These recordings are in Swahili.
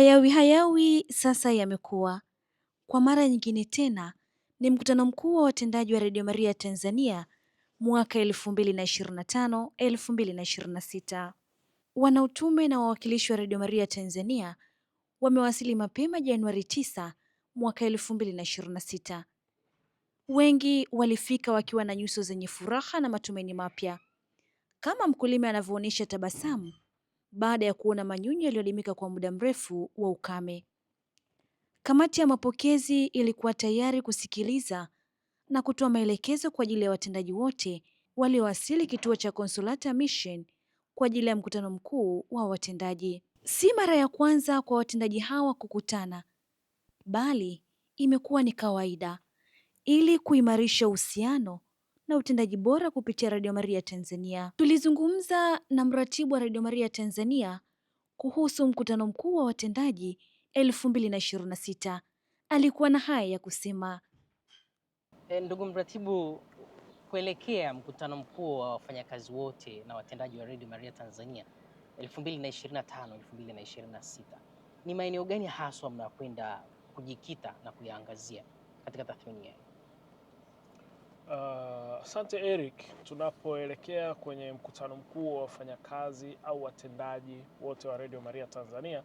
Hayawi hayawi sasa yamekuwa. Kwa mara nyingine tena ni mkutano mkuu wa watendaji wa Radio Maria Tanzania mwaka 2025 2026. Wanautume na wawakilishi wa Radio Maria Tanzania wamewasili mapema Januari 9 mwaka 2026. Wengi walifika wakiwa na nyuso zenye furaha na matumaini mapya, kama mkulima anavyoonyesha tabasamu baada ya kuona manyunyu yaliyolimika kwa muda mrefu wa ukame. Kamati ya mapokezi ilikuwa tayari kusikiliza na kutoa maelekezo kwa ajili ya watendaji wote waliowasili kituo cha Consolata Mission kwa ajili ya mkutano mkuu wa watendaji. Si mara ya kwanza kwa watendaji hawa kukutana, bali imekuwa ni kawaida ili kuimarisha uhusiano na utendaji bora kupitia Radio Maria Tanzania. Tulizungumza na mratibu wa Radio Maria Tanzania kuhusu mkutano mkuu wa watendaji 2026. Alikuwa na haya ya kusema. E, ndugu mratibu, kuelekea mkutano mkuu wa wafanyakazi wote na watendaji wa Radio Maria Tanzania 2025 2026, ni maeneo gani haswa mnakwenda kujikita na kuyaangazia katika tathmini yenu? Uh, asante uh, Eric, tunapoelekea kwenye mkutano mkuu wa wafanyakazi au watendaji wote wa Radio Maria Tanzania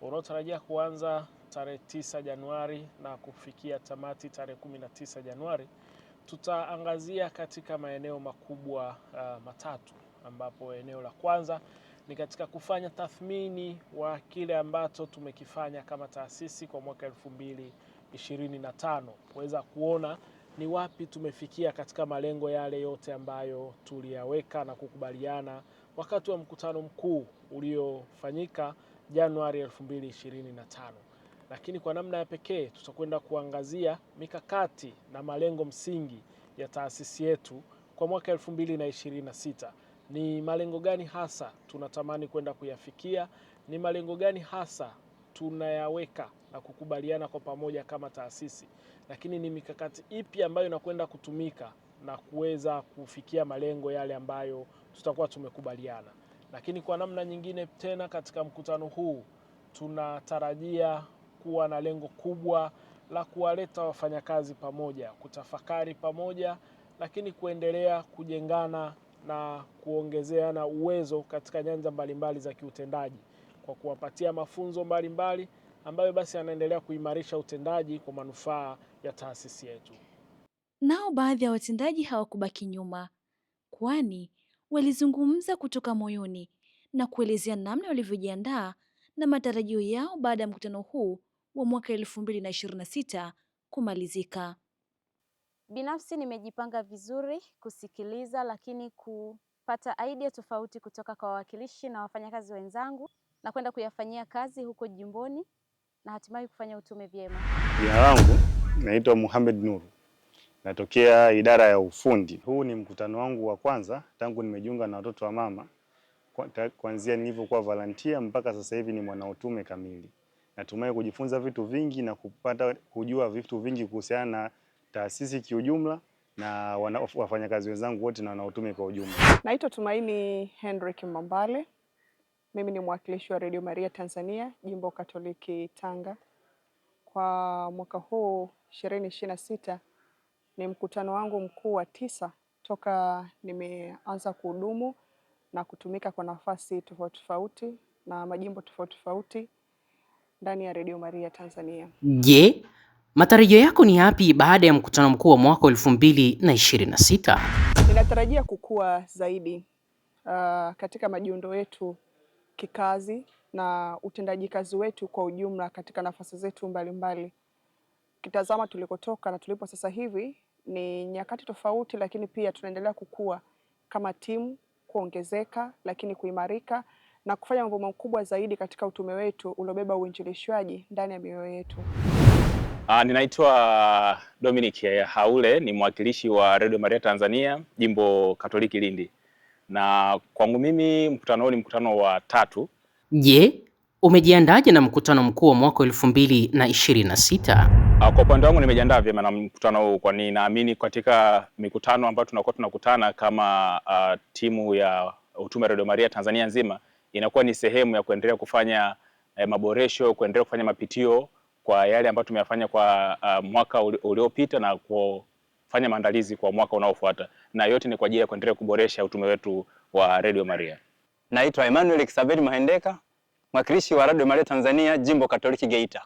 unaotarajia kuanza tarehe 9 Januari na kufikia tamati tarehe 19 Januari, tutaangazia katika maeneo makubwa uh, matatu, ambapo eneo la kwanza ni katika kufanya tathmini wa kile ambacho tumekifanya kama taasisi kwa mwaka 2025 kuweza kuona ni wapi tumefikia katika malengo yale yote ambayo tuliyaweka na kukubaliana wakati wa mkutano mkuu uliofanyika Januari 2025. Lakini kwa namna ya pekee tutakwenda kuangazia mikakati na malengo msingi ya taasisi yetu kwa mwaka 2026. Ni malengo gani hasa tunatamani kwenda kuyafikia? Ni malengo gani hasa tunayaweka na kukubaliana kwa pamoja kama taasisi, lakini ni mikakati ipi ambayo inakwenda kutumika na kuweza kufikia malengo yale ambayo tutakuwa tumekubaliana. Lakini kwa namna nyingine tena, katika mkutano huu tunatarajia kuwa na lengo kubwa la kuwaleta wafanyakazi pamoja, kutafakari pamoja, lakini kuendelea kujengana na kuongezeana uwezo katika nyanja mbalimbali za kiutendaji kwa kuwapatia mafunzo mbalimbali mbali, ambayo basi yanaendelea kuimarisha utendaji kwa manufaa ya taasisi yetu. Nao baadhi ya watendaji hawakubaki nyuma, kwani walizungumza kutoka moyoni na kuelezea namna walivyojiandaa na matarajio yao baada ya mkutano huu wa mwaka elfu mbili na ishirini na sita kumalizika. Binafsi nimejipanga vizuri kusikiliza, lakini kupata idea tofauti kutoka kwa wawakilishi na wafanyakazi wenzangu na kwenda kuyafanyia kazi huko jimboni na hatimaye kufanya utume vyema. Jina langu naitwa Muhammad Nuru, natokea idara ya ufundi. Huu ni mkutano wangu wa kwanza tangu nimejiunga na watoto wa mama, kuanzia nilivyokuwa volunteer mpaka sasa hivi ni mwanautume kamili. Natumai kujifunza vitu vingi na kupata kujua vitu vingi kuhusiana na taasisi kiujumla na wafanyakazi wenzangu wote na wanautume kwa ujumla. Naitwa Tumaini Henrik Mambale mimi ni mwakilishi wa Redio Maria Tanzania, jimbo Katoliki Tanga. Kwa mwaka huu ishirini ishirini na sita ni mkutano wangu mkuu wa tisa toka nimeanza kuhudumu na kutumika kwa nafasi tofauti tofauti na majimbo tofauti tofauti ndani ya Redio Maria Tanzania. Je, matarajio yako ni yapi baada ya mkutano mkuu wa mwaka elfu mbili na ishirini na sita? Ninatarajia kukua zaidi uh, katika majiundo yetu kikazi na utendaji kazi wetu kwa ujumla katika nafasi zetu mbalimbali. Kitazama tulikotoka na tulipo sasa hivi ni nyakati tofauti, lakini pia tunaendelea kukua kama timu, kuongezeka lakini kuimarika na kufanya mambo makubwa zaidi katika utume wetu uliobeba uinjilishwaji ndani ya mioyo yetu. Ah, ninaitwa Dominic Haule ni mwakilishi wa Radio Maria Tanzania, Jimbo Katoliki Lindi na kwangu mimi mkutano huu ni mkutano wa tatu. Je, umejiandaje na mkutano mkuu wa mwaka elfu mbili na ishirini na sita? Ah, kwa upande wangu nimejiandaa vyema na mkutano huu, kwani naamini katika mikutano ambayo tunakuwa tunakutana kama uh, timu ya Utume Radio Maria Tanzania nzima inakuwa ni sehemu ya kuendelea kufanya eh, maboresho, kuendelea kufanya mapitio kwa yale ambayo tumeyafanya kwa uh, mwaka uliopita na kufanya maandalizi kwa mwaka unaofuata na yote ni kwa ajili ya kuendelea kuboresha utume wetu wa Radio Maria. Naitwa Emmanuel Xavier Mahendeka, mwakilishi wa Radio Maria Tanzania, Jimbo Katoliki Geita.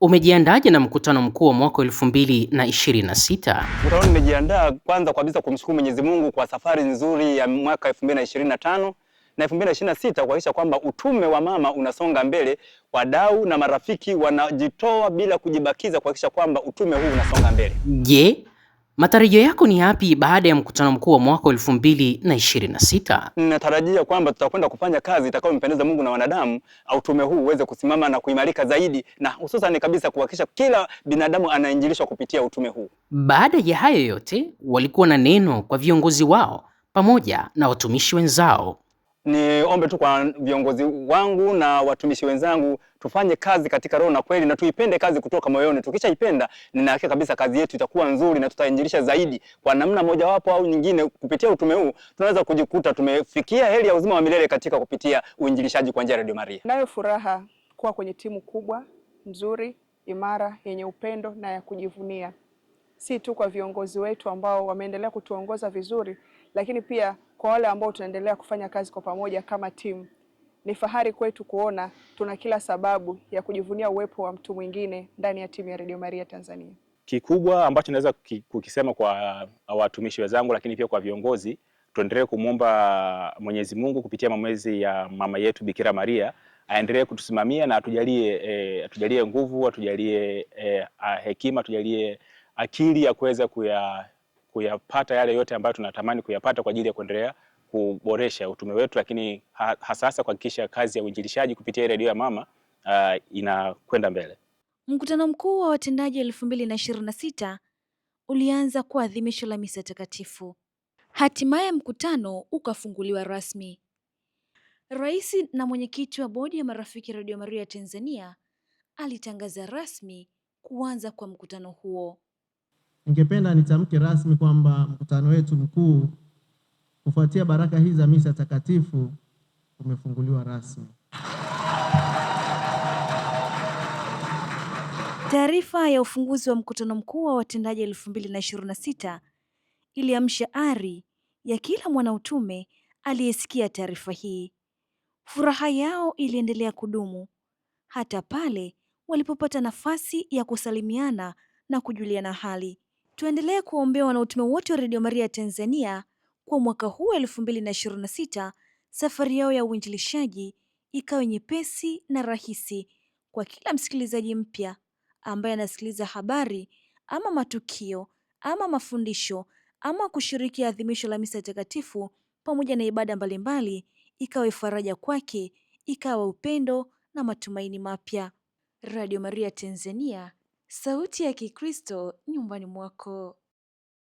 Umejiandaje na mkutano mkuu wa mwaka elfu mbili na ishirini na sita? Mkutano nimejiandaa kwanza kabisa kumshukuru Mwenyezi Mungu kwa safari nzuri ya mwaka elfu mbili na ishirini na tano na elfu mbili na ishirini na sita kuhakikisha kwamba utume wa mama unasonga mbele, wadau na marafiki wanajitoa bila kujibakiza kuhakikisha kwamba utume huu unasonga mbele. Je, Matarajio yako ni yapi baada ya mkutano mkuu wa mwaka 2026? Ninatarajia kwamba tutakwenda kufanya kazi itakayompendeza Mungu na wanadamu, au tume huu uweze kusimama na kuimarika zaidi, na hususan kabisa kuhakikisha kila binadamu anainjilishwa kupitia utume huu. Baada ya hayo yote, walikuwa na neno kwa viongozi wao pamoja na watumishi wenzao. Niombe tu kwa viongozi wangu na watumishi wenzangu tufanye kazi katika roho na kweli, na tuipende kazi kutoka moyoni. Tukishaipenda, nina hakika kabisa kazi yetu itakuwa nzuri na tutainjilisha zaidi. Kwa namna mojawapo au nyingine, kupitia utume huu tunaweza kujikuta tumefikia heri ya uzima wa milele katika kupitia uinjilishaji kwa njia ya Radio Maria. Nayo furaha kuwa kwenye timu kubwa nzuri, imara, yenye upendo na ya kujivunia, si tu kwa viongozi wetu ambao wameendelea kutuongoza vizuri, lakini pia kwa wale ambao tunaendelea kufanya kazi kwa pamoja kama timu. Ni fahari kwetu kuona tuna kila sababu ya kujivunia uwepo wa mtu mwingine ndani ya timu ya Radio Maria Tanzania. Kikubwa ambacho naweza kukisema kwa uh, watumishi wenzangu, lakini pia kwa viongozi, tuendelee kumwomba Mwenyezi Mungu kupitia mamwezi ya mama yetu Bikira Maria aendelee kutusimamia na atujalie, e, atujalie nguvu, atujalie e, hekima, atujalie akili ya kuweza kuyapata yale yote ambayo tunatamani kuyapata kwa ajili ya kuendelea kuboresha utume wetu, lakini hasa hasa kuhakikisha kazi ya uinjilishaji kupitia redio ya mama uh, inakwenda mbele. Mkutano mkuu wa watendaji elfu mbili na ishirini na sita ulianza kwa adhimisho la misa takatifu. Hatimaye mkutano ukafunguliwa rasmi. Rais na mwenyekiti wa bodi ya marafiki Radio Maria Tanzania alitangaza rasmi kuanza kwa mkutano huo. Ningependa nitamke rasmi kwamba mkutano wetu mkuu Kufuatia baraka hizi za misa takatifu, kumefunguliwa rasmi. Taarifa ya ufunguzi wa mkutano mkuu wa watendaji elfu mbili na ishirini na sita iliamsha ari ya kila mwanautume aliyesikia taarifa hii. Furaha yao iliendelea kudumu hata pale walipopata nafasi ya kusalimiana na kujuliana hali. Tuendelee kuwaombea wanautume wote wa Radio Maria Tanzania kwa mwaka huu sita safari yao ya uinjilishaji ikawe nyepesi na rahisi kwa kila msikilizaji mpya ambaye anasikiliza habari ama matukio ama mafundisho ama kushiriki adhimisho la misa takatifu pamoja na ibada mbalimbali, ikawe faraja kwake, ikawe upendo na matumaini mapya. Radio Maria Tanzania, sauti ya Kikristo nyumbani mwako.